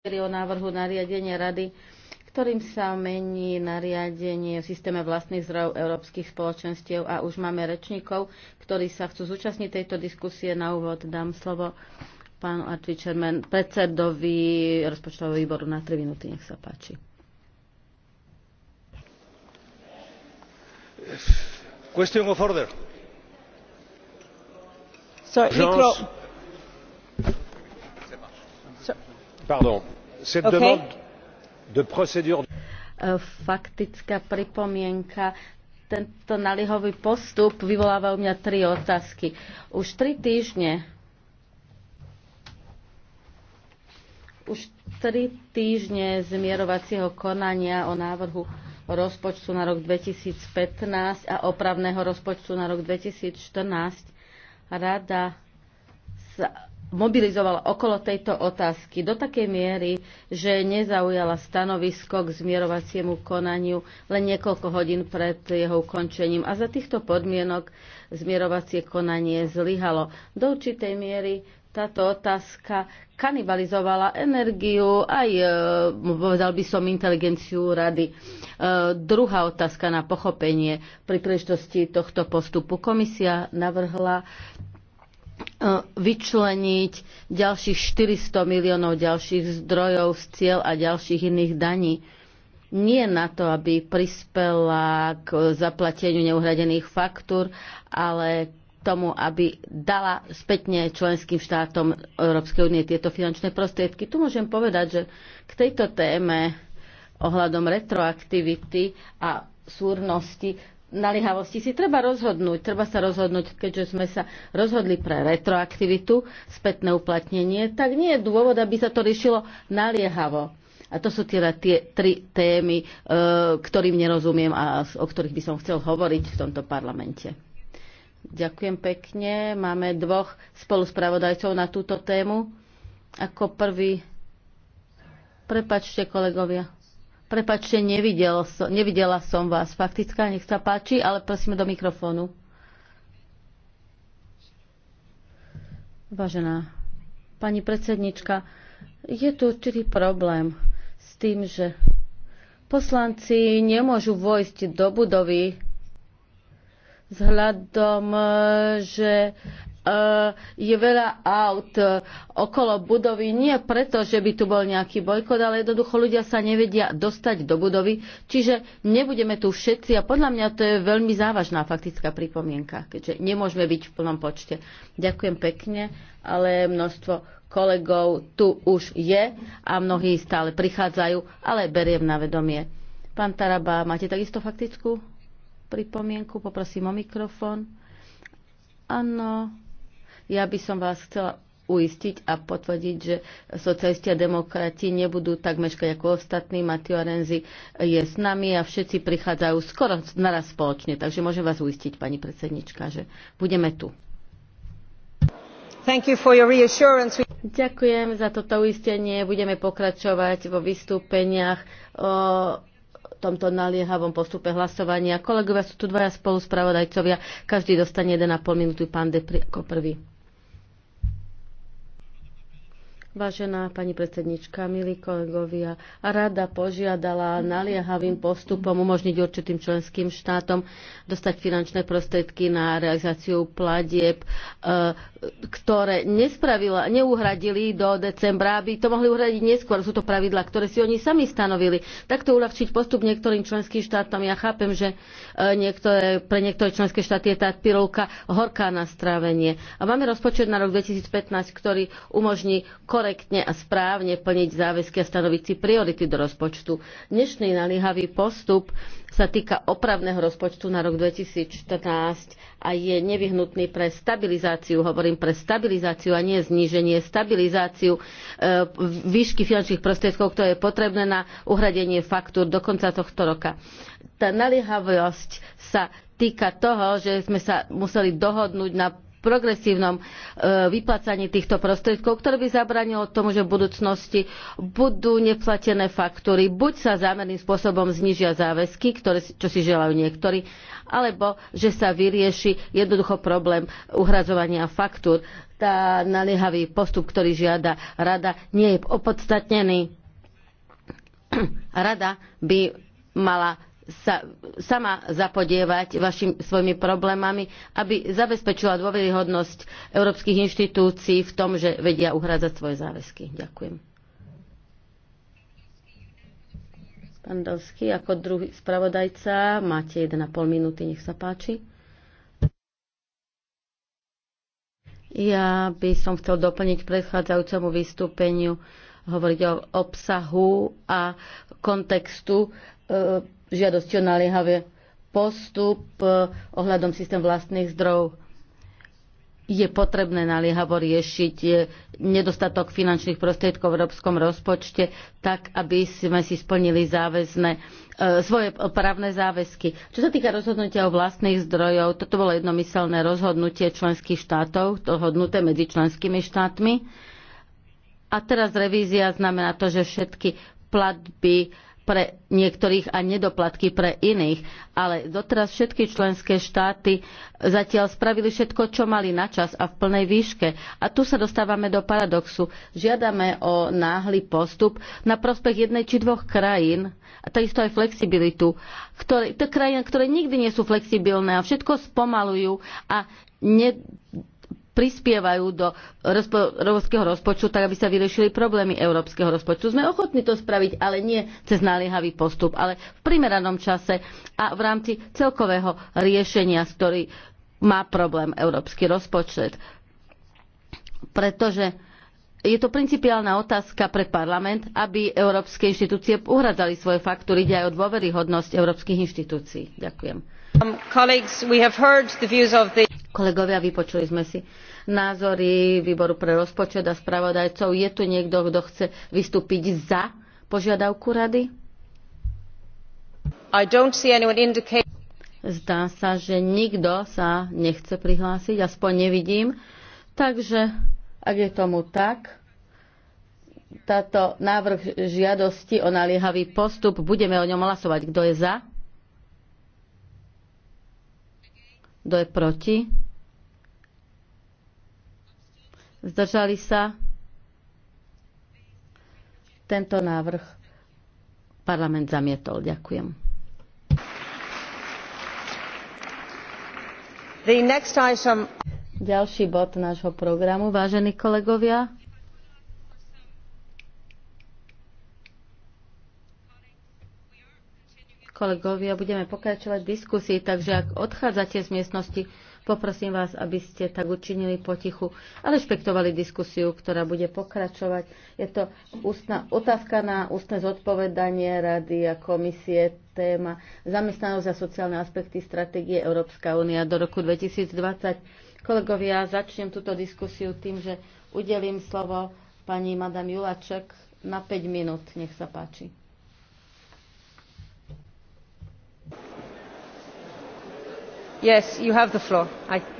o návrhu nariadenia Rady, ktorým sa mení nariadenie v systéme vlastných zdrojov európskych spoločenstiev a už máme rečníkov, ktorí sa chcú zúčastniť tejto diskusie. Na úvod dám slovo pánu Artvi Čermen, predsedovi rozpočtového výboru na 3 minúty. Nech sa páči. Question of order. So, E, faktická pripomienka tento naliehavý postup vyvoláva u mňa tri otázky. Už tri týždne už tri týždne zmierovacieho konania o návrhu rozpočtu na rok 2015 a opravného rozpočtu na rok 2014 rada sa mobilizovala okolo tejto otázky do takej miery, že nezaujala stanovisko k zmierovaciemu konaniu len niekoľko hodín pred jeho ukončením. A za týchto podmienok zmierovacie konanie zlyhalo. Do určitej miery táto otázka kanibalizovala energiu aj, e, povedal by som, inteligenciu rady. E, druhá otázka na pochopenie pri príležitosti tohto postupu. Komisia navrhla E, vyčleniť ďalších 400 miliónov ďalších zdrojov z cieľ a ďalších iných daní. Nie na to, aby prispela k zaplateniu neuhradených faktúr, ale tomu, aby dala spätne členským štátom Európskej únie tieto finančné prostriedky. Tu môžem povedať, že k tejto téme ohľadom retroaktivity a súrnosti, naliehavosti si treba rozhodnúť. Treba sa rozhodnúť, keďže sme sa rozhodli pre retroaktivitu, spätné uplatnenie, tak nie je dôvod, aby sa to riešilo naliehavo. A to sú teda tie tri témy, e, ktorým nerozumiem a o ktorých by som chcel hovoriť v tomto parlamente. Ďakujem pekne. Máme dvoch spoluspravodajcov na túto tému. Ako prvý. Prepačte, kolegovia. Prepačte, nevidel nevidela som vás. Faktická, nech sa páči, ale prosíme do mikrofónu. Vážená pani predsednička, je tu určitý problém s tým, že poslanci nemôžu vojsť do budovy vzhľadom, že Eh, je veľa aut eh, okolo budovy, nie preto, že by tu bol nejaký bojkot, ale jednoducho ľudia sa nevedia dostať do budovy, čiže nebudeme tu všetci a podľa mňa to je veľmi závažná faktická pripomienka, keďže nemôžeme byť v plnom počte. Ďakujem pekne, ale množstvo kolegov tu už je a mnohí stále prichádzajú, ale beriem na vedomie. Pán Taraba, máte takisto faktickú pripomienku? Poprosím o mikrofón. Áno, ja by som vás chcela uistiť a potvrdiť, že socialisti a demokrati nebudú tak meškať ako ostatní. Matio Renzi je s nami a všetci prichádzajú skoro naraz spoločne. Takže môžem vás uistiť, pani predsednička, že budeme tu. Thank you for your reassurance. Ďakujem za toto uistenie. Budeme pokračovať vo vystúpeniach o tomto naliehavom postupe hlasovania. Kolegovia sú tu dvaja spoluspravodajcovia. Každý dostane 1,5 minúty. Pán Depri ako prvý. Vážená pani predsednička, milí kolegovia, rada požiadala naliehavým postupom umožniť určitým členským štátom dostať finančné prostriedky na realizáciu platieb, e, ktoré nespravila, neuhradili do decembra, aby to mohli uhradiť neskôr. Sú to pravidlá, ktoré si oni sami stanovili. Takto uľahčiť postup niektorým členským štátom. Ja chápem, že e, niektoré, pre niektoré členské štáty je tá pirovka horká na strávenie. A máme rozpočet na rok 2015, ktorý umožní korektne a správne plniť záväzky a stanoviť si priority do rozpočtu. Dnešný naliehavý postup sa týka opravného rozpočtu na rok 2014 a je nevyhnutný pre stabilizáciu, hovorím pre stabilizáciu a nie zníženie, stabilizáciu e, výšky finančných prostriedkov, ktoré je potrebné na uhradenie faktúr do konca tohto roka. Tá naliehavosť sa týka toho, že sme sa museli dohodnúť na progresívnom e, vyplácaní týchto prostriedkov, ktoré by zabránilo tomu, že v budúcnosti budú neplatené faktúry. Buď sa zámerným spôsobom znížia záväzky, ktoré, čo si želajú niektorí, alebo že sa vyrieši jednoducho problém uhradzovania faktúr. Tá naliehavý postup, ktorý žiada rada, nie je opodstatnený. Rada by mala sa sama zapodievať vašim, svojimi problémami, aby zabezpečila dôveryhodnosť európskych inštitúcií v tom, že vedia uhrádzať svoje záväzky. Ďakujem. Pán Dovský, ako druhý spravodajca, máte 1,5 minúty, nech sa páči. Ja by som chcel doplniť k predchádzajúcemu vystúpeniu, hovoriť o obsahu a kontextu e, žiadosť o naliehavé postup eh, ohľadom systém vlastných zdrojov. Je potrebné naliehavo riešiť eh, nedostatok finančných prostriedkov v európskom rozpočte tak, aby sme si splnili záväzne, eh, svoje právne záväzky. Čo sa týka rozhodnutia o vlastných zdrojov, toto bolo jednomyselné rozhodnutie členských štátov, to hodnuté medzi členskými štátmi. A teraz revízia znamená to, že všetky platby pre niektorých a nedoplatky pre iných. Ale doteraz všetky členské štáty zatiaľ spravili všetko, čo mali na čas a v plnej výške. A tu sa dostávame do paradoxu. Žiadame o náhly postup na prospech jednej či dvoch krajín, a takisto aj flexibilitu, ktoré, to krajín, ktoré nikdy nie sú flexibilné a všetko spomalujú a ne, prispievajú do európskeho rozpočtu, tak aby sa vyriešili problémy európskeho rozpočtu. Sme ochotní to spraviť, ale nie cez naliehavý postup, ale v primeranom čase a v rámci celkového riešenia, s ktorý má problém európsky rozpočet. Pretože je to principiálna otázka pre parlament, aby európske inštitúcie uhradzali svoje faktúry, ide aj o dôveryhodnosť európskych inštitúcií. Ďakujem. Um, Kolegovia, vypočuli sme si názory výboru pre rozpočet a spravodajcov. Je tu niekto, kto chce vystúpiť za požiadavku rady? I don't see anyone indicate... Zdá sa, že nikto sa nechce prihlásiť, aspoň nevidím. Takže, ak je tomu tak, táto návrh žiadosti o naliehavý postup, budeme o ňom hlasovať. Kto je za? Kto je proti? Zdržali sa? Tento návrh parlament zamietol. Ďakujem. The next item... Ďalší bod nášho programu, vážení kolegovia. Kolegovia, budeme pokračovať v diskusii, takže ak odchádzate z miestnosti, Poprosím vás, aby ste tak učinili potichu a rešpektovali diskusiu, ktorá bude pokračovať. Je to ústna otázka na ústne zodpovedanie Rady a komisie téma zamestnanosť a sociálne aspekty stratégie Európska únia do roku 2020. Kolegovia, začnem túto diskusiu tým, že udelím slovo pani Madame Julaček na 5 minút. Nech sa páči. yes you have the floor. I...